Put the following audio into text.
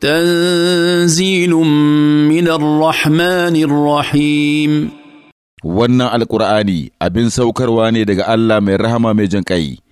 تنزيل من الرحمن الرحيم wannan alkur'ani abin saukarwa ne daga Allah mai rahama mai jinƙai